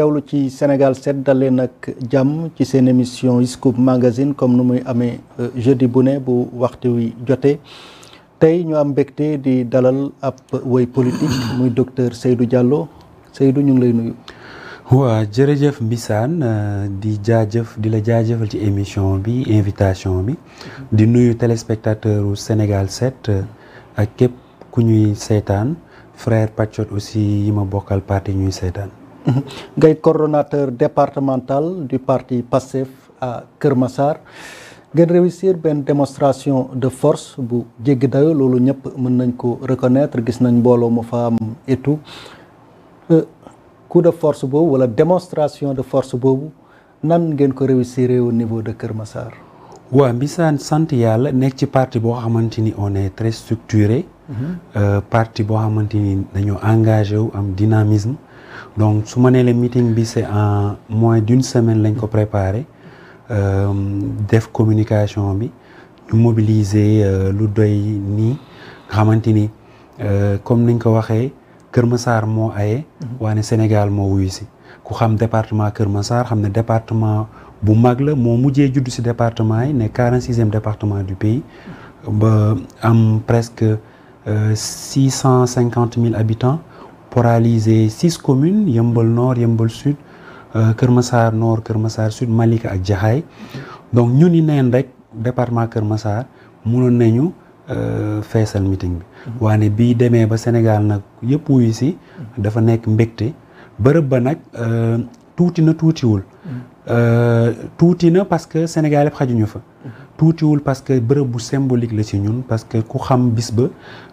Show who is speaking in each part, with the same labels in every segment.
Speaker 1: teewlu ci Sénégal set dalee nag jàmm ci seen émission Scoop Magazine comme nu muy amee euh, jeudi bu ne bu waxtu wi jotee tey ñu am mbégte di dalal ab woy politique muy docteur Seydou Diallo Seydou ñu ngi lay nuyu.
Speaker 2: waa jërëjëf Mbissane euh, di jaajëf di la jaajëfal ci émission bi invitation bi mm-hmm. di nuyu téléspectateur u Sénégal set euh, ak képp ku ñuy seetaan frère Patriot aussi yi ma bokkal parti ñuy seetaan.
Speaker 1: Mhm. ngay coordonnateur départemental du parti PASTEF à Kër Massar ngeen réussir benn démonstration de force bu jéggi dayo loolu ñëpp mën nañ ko reconnaître gis nañ mbooloo mu fa am et tout euh, coup de force boobu wala démonstration de force boobu nan ngeen ko réussir au niveau de Kër Massar.
Speaker 2: waaw mbisaan sant yàlla nekk ci parti boo xamante ni on est très structuré. Mhm. Euh, parti boo xamante ni dañoo engagé wu am dynamisme. donc su ma nee le meeting bi en moins d'une semaine lañ ko préparé euh, def communication bi ñu mobiliser euh, lu doy nii nga xamante ni euh, comme niñ ko waxee Kër Massar moo aye mhm. waane Sénégal moo wuyu si ku xam département Kër Massar xam ne département bu mag la moo mujjee judd si département yi ne quarante sixième département du pays ba am presque six cent cinquante mille habitants poraliser six communes yëmbal nord yëmbal sud euh, Kër Massar nord Kër Massar sud Malika ak Jaxaay donc ñu ni neen rek département Kër Massar mënoon nañu euh, feesal meeting bi. Mhm. waane bii demee ba Sénégal nag yëpp wuyu si. Mhm. dafa nekk mbégte bërëb ba nag euh, tuuti na tuutiwul. Mhm. tuuti na parce que Sénégal xajuñu fa. tuutiwul parce que bërëb bu symbolique la ci ñun parce que ku xam bis ba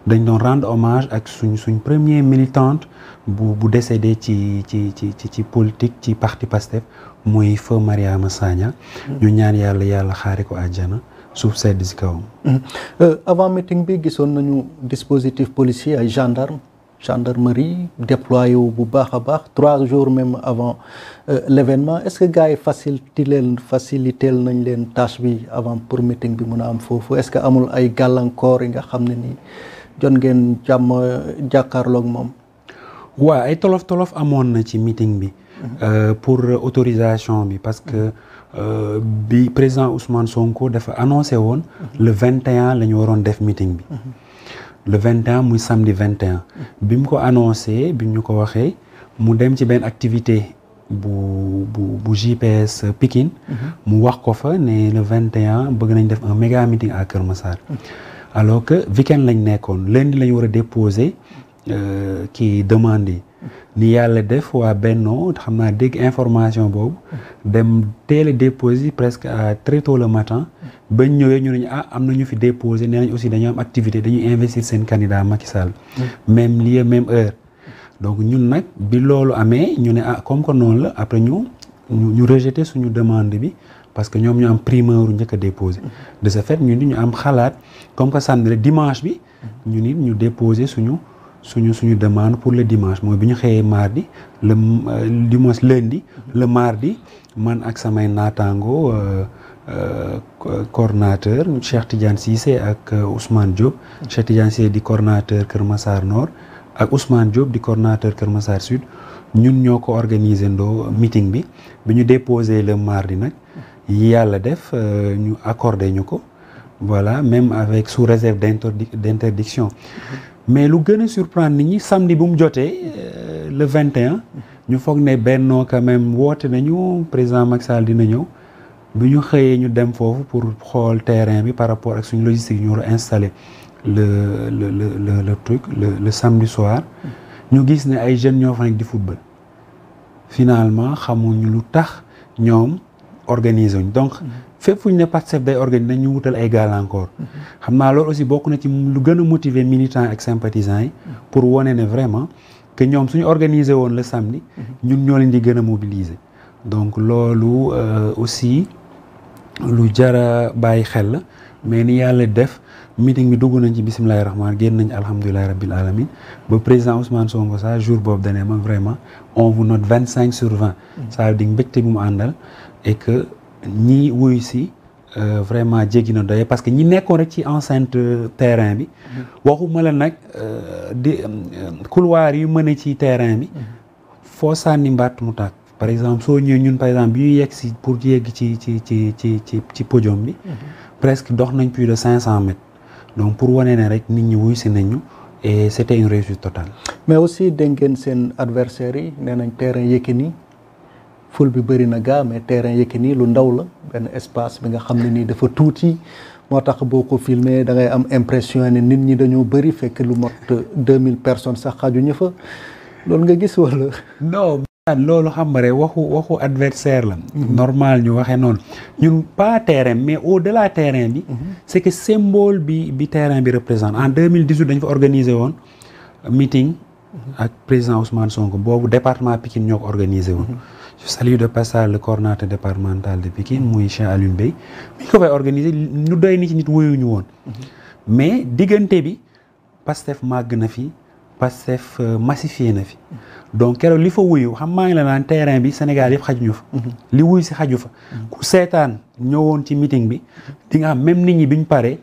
Speaker 2: dañ doon rendre hommage ak suñ suñ premier militante bu bu décédé ci ci ci ci ci politique ci parti Pastef mooy feu Mariama Sagna mm-hmm. ñu ñaan yàlla yàlla xaare ko àjjana suuf sedd si kawam
Speaker 1: mm-hmm. euh, avant meeting bi gisoon nañu dispositif policier ay gendarme gendarmerie déployé wu bu baax a baax trois jours même avant euh, l' événement est ce que gars yi facilité leen facilité nañ leen tâche bi avant pour meeting bi mun a am foofu est ce que amul ay gàllankoor yi nga xam ne nii jot ngeen jàmm jàkkaarloog moom. waaw ay
Speaker 2: tolof tolof amoon na ci meeting bi. Mhm. Euh, pour autorisation bi parce que mhm. euh, bi président Ousmane Sonko dafa annoncé woon. Mhm. le 21 la ñu waroon def meeting bi. le vingt 21 muy samedi 21. bi mu ko annoncé bi ñu ko waxee mu dem ci benn activité bu bu bu JPS Pikine. Mhm. mu wax ko fa ne le vingt 21 bëgg nañ def un méga meeting à Kër Massar. alors que weekend lañ nekkoon lundi lañ war a déposer euh, kii demande yi. ni yàlla def waa Benno xam naa dégg information boobu dem teel a déposé presque à très tôt le matin bañ ñëwee ñu ne ah am na ñu fi déposé nee nañ aussi dañoo am activité dañuy investir seen candidat Macky Sall. même lieu même heure. donc ñun nag bi loolu amee ñu ne ah comme que noonu la après ñu ñu rejeté suñu demande bi parce que ñoom ñu am primeur njëkk a déposé. de ce fait ñu ni ñu am xalaat comme que samedi dimanche bi. ñu nit ñu déposé suñu. suñu suñu demande pour le dimanche mooy bi ñu xëyee mardi le euh, dimanche lundi le mardi man ak samay naataango euh, euh, coordonnateur Cheikh Tidiane Cissé ak usmaan Diop Cheikh Tidiane Cissé di cordinateur Kër Massar Nord ak Ousmane Diop di coordonnateur Kër Massar Sud ñun ñoo ko organiser ndoo meeting bi bi ñu déposé le mardi nag yàlla def ñu accordé ñu ko voilà même avec sous réserve d'interdiction mais lu gën a surprendre nit ñi samedi bu mu jotee euh, le 21 ñu foog ne bennoo quand même woote nañu président Macky Sall dina ñëw bi ñu xëyee ñu dem foofu pour xool terrain bi par rapport ak suñu logistique ñu war a installé le le le le truc le le samedi soir ñu gis ne ay jeunes ñoo fa nekk di football finalement xamuñu lu tax ñoom organiser wuñ donc. fépp fu ñu ne Pastef day organiser nañ ñu wutal ay gàllankoor. xam naa loolu aussi bokk na ci lu gën a motiver militants ak sympathisants yi. pour wone ne vraiment que ñoom suñu organiser woon la samedi. ñun ñoo leen di gën a mobiliser. donc loolu euh, aussi lu jara bàyyi xel la mais ni yàlla def meeting bi dugg nañ ci bisimilahi rahman génn nañ alhamdulilahi rabil alamin ba président Ousmane Sonko sa jour boobu dane ma vraiment on vous note vingt cinq sur vingt ça veut dire mu àndal ñi wuyu si euh, vraiment jéggi na doye parce que ñi nekkoon rek ci enceinte terrain bi mm-hmm. waxuma la nag euh, di euh, couloir yu mën ci terrain bi mm-hmm. foo sànni mbaat mu tàkk par exemple soo ñëwee ñun par exemple bi ñu yegg si pour yegg ci ci ci ci ci ci podium bi mm-hmm. presque dox nañ plus de cinq cent mètres donc pour wane ne rek nit ñi wuy si nañu et c'était une réussite totale
Speaker 1: mais aussi dégg ngeen seen adversaires yi nee nañ terrain Yékini ful bi bëri na gaa mais terrain Yékini lu ndaw la benn espace bi nga xam ne nii dafa tuuti moo tax boo ko filmé da ngay am impression ne nit ñi dañoo bëri fekk lu mot mille personnes sax xajuñu fa loolu nga gis
Speaker 2: wala. non loolu xam nga rek waxu waxu adversaire la. Mhm. normal ñu waxee noonu ñun pas terrain mais au la terrain bi. Mhm. c'est que symbole bi bi terrain bi représente en 2018 dañ fa organiser woon meeting. ak président Ousmane Sonko boobu département Pikine ñoo ko organisé woon. Mhm. je de passage le coordonnateur départemental de Pikine muy Cheikh Alioune Bey mi ko fay organisé ñu doy ni ci nit woyuñu woon. Mhm. mais diggante bi Pastef màgg na fi. Pastef euh, massifié na fi donc keroog li fa wuyu xam maa ngi la naan terrain bi Sénégal yëpp xajuñu fa mhm. li wuyu si xaju fa mhm. ku seetaan ñëwoon ci meeting bi dinga xam même nit ñi bi ñu paree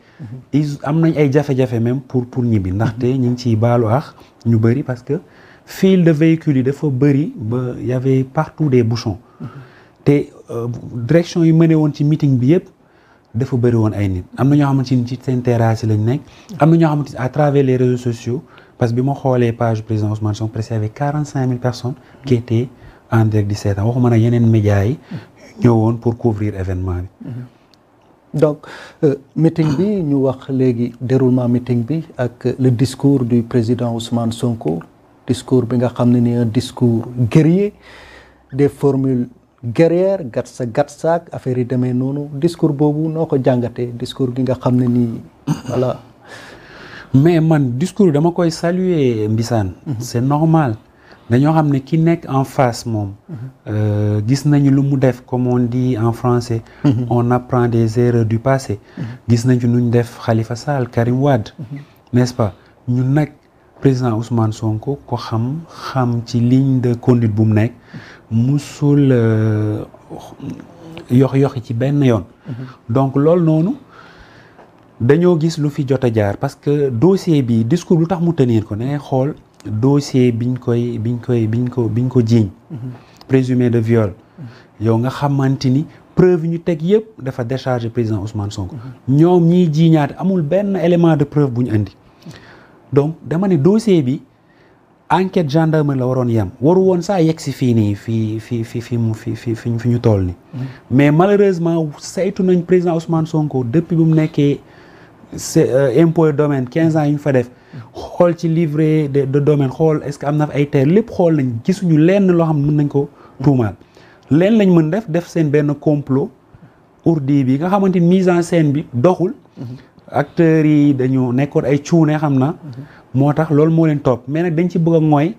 Speaker 2: mhm. am nañ ay jafe-jafe même pour pour ñibbi ndaxte ñi ngi ciy baalu ax ñu bëri parce que file de véhicules yi dafa bëri ba y avait des bouchons te euh, direction yi ne woon ci meeting bi yëpp dafa bëri woon ay nit am na ñoo xamante ni ci seen terrasse yi nekk am na ñoo xamante ni à travers les réseaux sociaux parce que bi ma xoolee page président Ousmane Sonko presque avec quarante cinq mille personnes en direct di seetaan waxuma nag yeneen médias yi pour couvrir événement
Speaker 1: donc euh, meeting ñu wax léegi déroulement meeting bi ak le discours du président Ousmane Sonko discours bi nga xam ne ni un discours guerrier des formules guerrières gatsa gatsaak affaire yi demee noonu discours boobu noo ko jàngatee discours gi nga xam ne nii
Speaker 2: mais man discours dama koy saluer Mbisaan mhm. c'est normal dañoo xam ne ki nekk en face moom mhm. euh, gis nañu lu mu def comme on dit en français mhm. on apprend des erreurs du passé gis nañu nuñ def Khalifa Sall Karim Wade n'est-ce pas ñun nag président Ousmane Sonko ko xam xam ci ligne de conduite bu mu nekk musul euh, yox yoxi ci benn yoon donc loolu noonu dañoo gis lu fi jot a jaar parce que dossier bi discours lu tax mu tenir ko da ngay xool dossier biñ koy biñ koy biñ ko biñ ko jiiñ mhm. présumé de viol mhm. yow nga xamante ni preuve ñu teg yëpp dafa décharger président Ousmane Sonko. Mhm. ñoom ñiy jiiñaate amul benn élément de preuve bu ñu indi. donc dama ne dossier bi enquête gendarmerie la waroon yem waru woon saa yegg si fii nii fii fi fi fi ñu toll nii. mais malheureusement saytu nañ président Ousmane Sonko depuis c'est euh, impôt domaine quinze ans yu ñu fa def xool ci livret de domaine xool est-ce que am na fa ay terre lépp xool nañ gisuñu lenn loo xam ne nañ ko tuumaal leen lañ mën def def seen benn complot ourdi bi nga xamante ni mise en scène bi doxul mm-hmm. acteurs yi dañu nekkoon ay cuune xam na mm-hmm. moo tax loolu moo leen topp mais nag dañ ci bëgg a mooy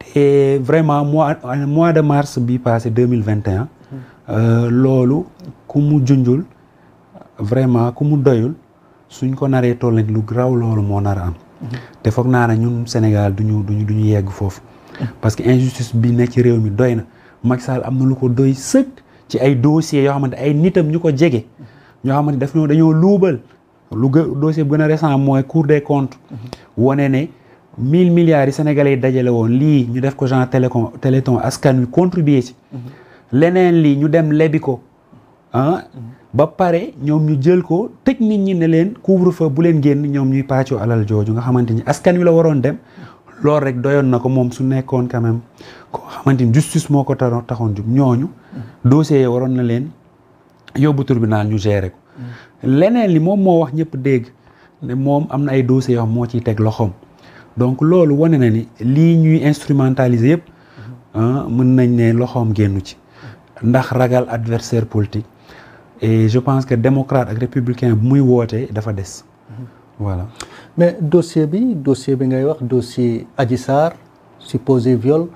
Speaker 2: te vraiment mois mois de mars bi passé deux mille vingt et mm-hmm. euh, loolu ku mu junjul vraiment ku mu doyul suñ ko naree toll lu raw loolu moo nar am te foog naa ne ñun Sénégal duñu duñu du ñu yegg foofu parce que injustice bi ne ci réew mi doy na mag Sall am na lu ko doy sëkk ci ay dossiers yoo xamante ay nitam ñu ko jege ñoo xamante daf ñoo dañoo luubal lu gë dossier bu gën a récent mooy Cour des comptes wane ne mille milliards yi sénégalais dajale woon lii ñu def ko genre télécom téléthon askan wi contribuer ci leneen lii ñu dem lebi ko ah. ba pare ñoom ñu jël ko tëj nit ñi ne leen couvre-feu bu leen génn ñoom ñuy pàccoo alal jooju nga xamante ni askan wi la waroon dem loolu rek doyoon na ko moom su nekkoon quand même koo xamante ni justice moo ko taroon taxoon jub ñooñu dossiers yi waroon na leen yóbbu tribunal ñu gérer ko leneen li moom moo wax ñëpp dégg ne moom am na ay dossiers moo ciy teg loxoom donc loolu wane na ni lii ñuy instrumentaliser yëpp ah, mën nañ ne loxoom génnu ci ndax ragal adversaire politique je pense que démocrate ak républicain bu muy wootee dafa des voilà
Speaker 1: mais dossier bi dossier bi ngay wax dossier Adji Sarr supposé viol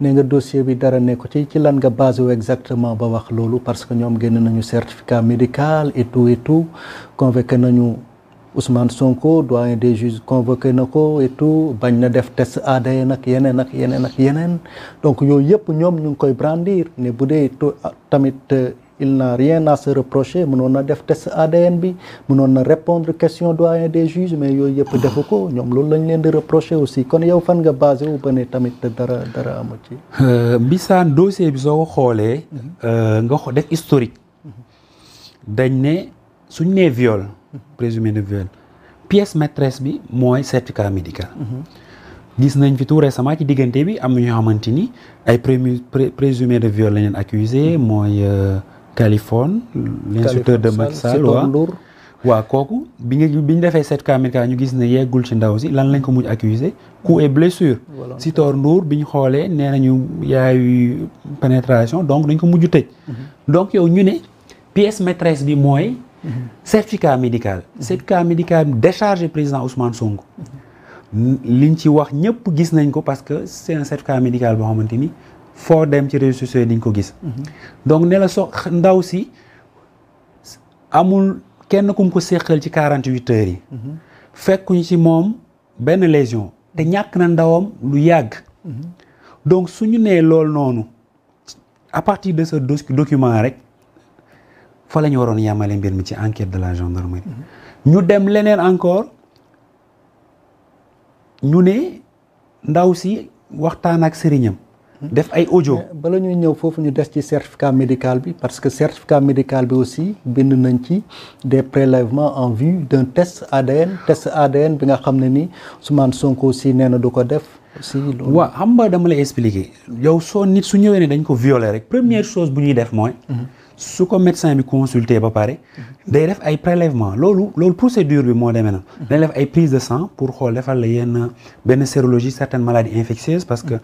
Speaker 1: nee nga dossier bi dara nekk ci ci lan nga basé wu exactement ba wax loolu parce que ñoom génn nañu certificat médical et tout et tout convoqué nañu Ousmane Sonko doyen des juges convoqué na ko et tout bañ na def test aada ak yeneen ak yeneen ak yeneen donc yooyu yëpp ñoom ñu ngi koy brandir ne bu dee tamit. Euh, il n'a rien à se reprocher mënoon na def test ADN bi mënoon na répondre question doyen des juges mais yooyu yëpp defu ko ñoom loolu lañ leen di reprocher aussi kon yow fan nga basé wu ba ne tamit dara dara amu ci.
Speaker 2: Euh, Mbissane dossier bi soo ko xoolee. Euh, nga xo def historique. dañ ne suñ ne viol. présumé de viol pièce maîtresse bi mooy certificat médical. gis nañ fi tout récemment ci diggante bi am na ñoo xamante ni ay présumé de viol la ñu accusé mooy. Euh, Californie l'insulteur de Macky Sall waaw waaw kooku bi nga bi ñu defee sept médical ñu gis ne yeggul ci ndaw si lan lañ ko mujj accusé coup et blessure Sitor Ndour bi ñu xoolee nee nañu yaayu pénétration donc dañ ko mujj tëj mhm. donc yow ñu ne pièce maîtresse bi mooy mhm. certificat médical mhm. certificat médical déchargé président Ousmane Sonko liñ ci wax ñëpp gis nañ ko parce que c'est un certificat médical boo xamante ni foo dem ci réseaux sociaux yi di nga ko gis. Mhm. donc ne la so ndaw si amul kenn kum ko séqal ci quarante huit heures yi. Mhm. fekkuñ ci moom benn lésion. te ñàkk na ndawam lu yàgg. Mhm. donc su ñu nee loolu noonu à partir de ce document rek fa la ñu waroon yàmmale mbir mi ci enquête de la gendarmerie. ñu dem leneen encore
Speaker 1: ñu ne ndaw si waxtaan ak sëriñam. def ay audio. bala ñuy ñëw foofu ñu des ci certificat médical bi parce que certificat médical bi aussi bind nañ ci des prélèvements en vue d'un test ADN test ADN bi nga xam ne ni Ousmane Sonko aussi nee na du ko def. aussi loolu waaw xam nga dama lay expliquer
Speaker 2: yow soo nit su ñëwee ne dañ ko violer rek première chose bu ñuy def mooy. Mhm. su ko médecin bi consulter ba pare. Mhm. day def ay prélèvement loolu loolu procédure bi moo demee na mhm. dañ def ay prise de sang pour xool defal yenn benn sérologie certaines maladies infectieuses parce que.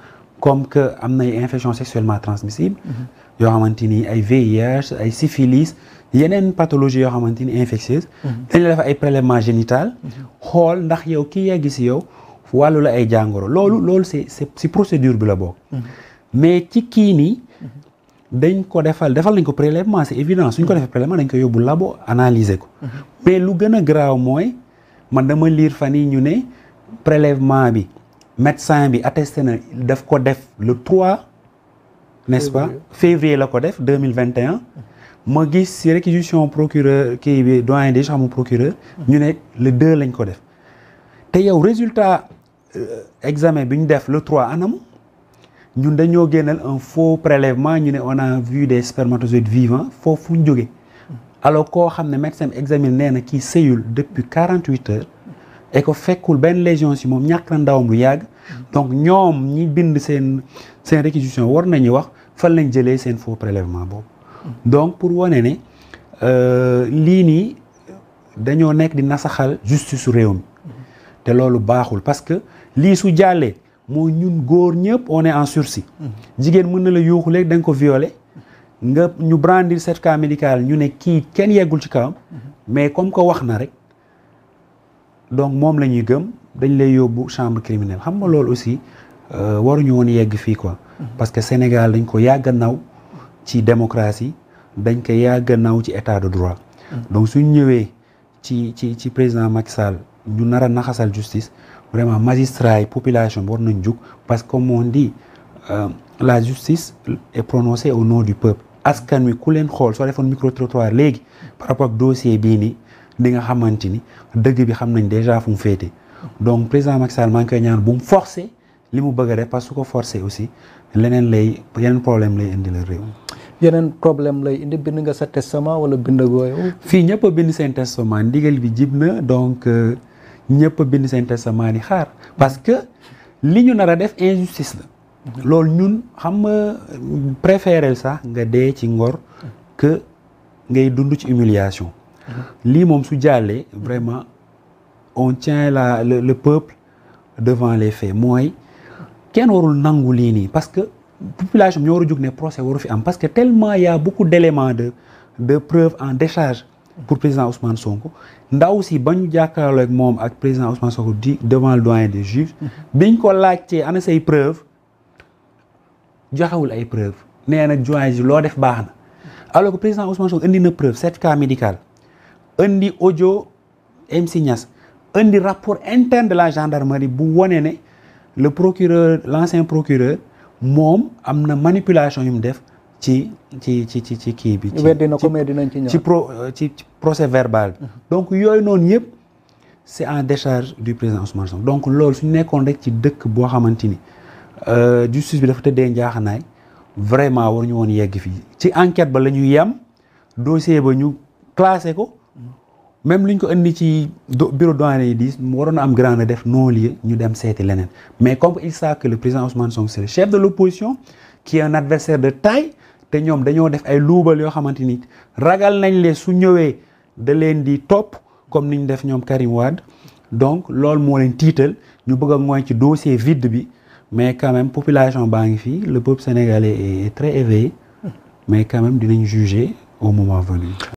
Speaker 2: comme que am na ay infections sexuellement transmissibles mhm. yoo xamante ni ay VIH ay syphilis yeneen pathologie yoo xamante ni infectieuse mhm. dañ la def ay prélèvement génital mhm. xool ndax yow kii yegg si yow wàllu la ay jàngoro loolu loolu c'est c'est si procédure bi la bokk mais ci kii nii dañ ko defal defal nañ ko prélèvement c'est évident suñ ko defee prélèvement dañ ko yóbbu labo analyser ko mais lu gën a graaw mooy man dama liir fan yi ñu ne prélèvement bi médecin bi attesté na daf ko def le 3 n'est-ce pas février la ko def 2021 ma gis si réquisition procureur kii bi doyen des chambres procureur ñu ne le 2 lañ ko def te yow résultat euh, examen bi ñu def le 3 anam ñun dañoo génneel un faux prélèvement ñu ne on a vu des spermatozoïdes vivants foofu ñu jóge alors koo xam ne médecin bi examine nee na kii sëyul depuis 48 heures et que fekkul benn légion si moom ñàkk na ndawam lu yàgg donc ñoom ñi bind seen seen réquisition war nañu wax fan lañ jëlee seen faux prélèvement boobu donc pour wane ne euh, lii nii dañoo nekk di nasaxal justice su réew mi te loolu baaxul parce que lii su jàllee mooy ñun góor ñëpp on est en sursis jigéen mën na la yuuxu léegi ko violé nga ñu brandir certificat médical ñu ne kii kenn yeggul ci kawam mais comme que wax na rek donc moom la ñuy gëm dañ lay yóbbu chambre criminelle xam nga loolu aussi euh, waruñu woon yegg fii quoi. Mm-hmm. parce que Sénégal dañ ko yàgg naw ci démocratie dañ ko yàgg naw ci état de droit. Mm-hmm. donc suñ ñëwee ci ci ci président Macky ñu nar a naxasal justice vraiment magistrat population bi war nañ jug parce que comme di dit euh, la justice est prononcée au no du peuple. askan wi ku leen xool soo defoon micro léegi par rapport ak dossier bii nii. li nga xamante ni dëgg bi xam nañ déjà fu mu féete donc président Macky Sall maa ngi koy ñaan bum mu forcé li mu bëgg rek parce que su aussi leneen lay yeneen problème lay indi la réew.
Speaker 1: yeneen problème lay indi bind nga sa testament wala bindagoo yow.
Speaker 2: fii ñëpp a bind seen testament ndigal bi jib na donc euh, ñëpp bind seen testament di xaar parce que li ñu nar a def injustice la. loolu ñun xam nga préféré sax nga dee ci ngor que ngay dund ci humiliation lii moom su jàllee vraiment on tien la le, le peuple devant les faits mooy kenn warul nangu lii nii parce que population ñoo war a jóg ne procès waru fi am parce que tellement y a beaucoup d'éléments de de preuve en décharge pour président Ousmane Sonko ndaw si ba ñu jàkkaarloo ak moom ak président Ousmane Sonko di devant le doyen des juges mhm. biñ ko laajtee ana say preuve joxewul ay preuve nee na doyen ji loo def baax na alors que président Ousmane Sonko indi na preuve certificat médical indi audio MC Niass indi rapport interne de la gendarmerie bu wone ne le procureur l'ancien procureur moom am na manipulation yu mu def ci ci ci ci ci kii bi. ci pro euh, ci procès verbal bi. Mhm. donc yooyu noonu yëpp c' est en décharge du président Ousmane Sonko donc loolu su nekkoon rek ci dëkk boo xamante ni euh, justice bi dafa tëddee njaaxanaay vraiment waruñu woon yegg fii ci enquête ba la ñu yem dossier ba ñu classé ko. même lu ñu ko indi ci bureau douane yi di mu waroon a am grand def non lieu ñu dem seeti leneen mais comme il sait que le président Ousmane Sonko c'est le chef de l'opposition qui est adversaire de taille te ñoom dañoo def ay luubal yoo xamante ni ragal nañ leen su ñëwee da leen di topp comme ni ñu def ñoom Karim Wade donc loolu moo leen tiital ñu bëgg a mooy ci dossier vide bi mais quand population baa ngi fii le peuple sénégalais est très éveillé mais quand même dinañ au moment venu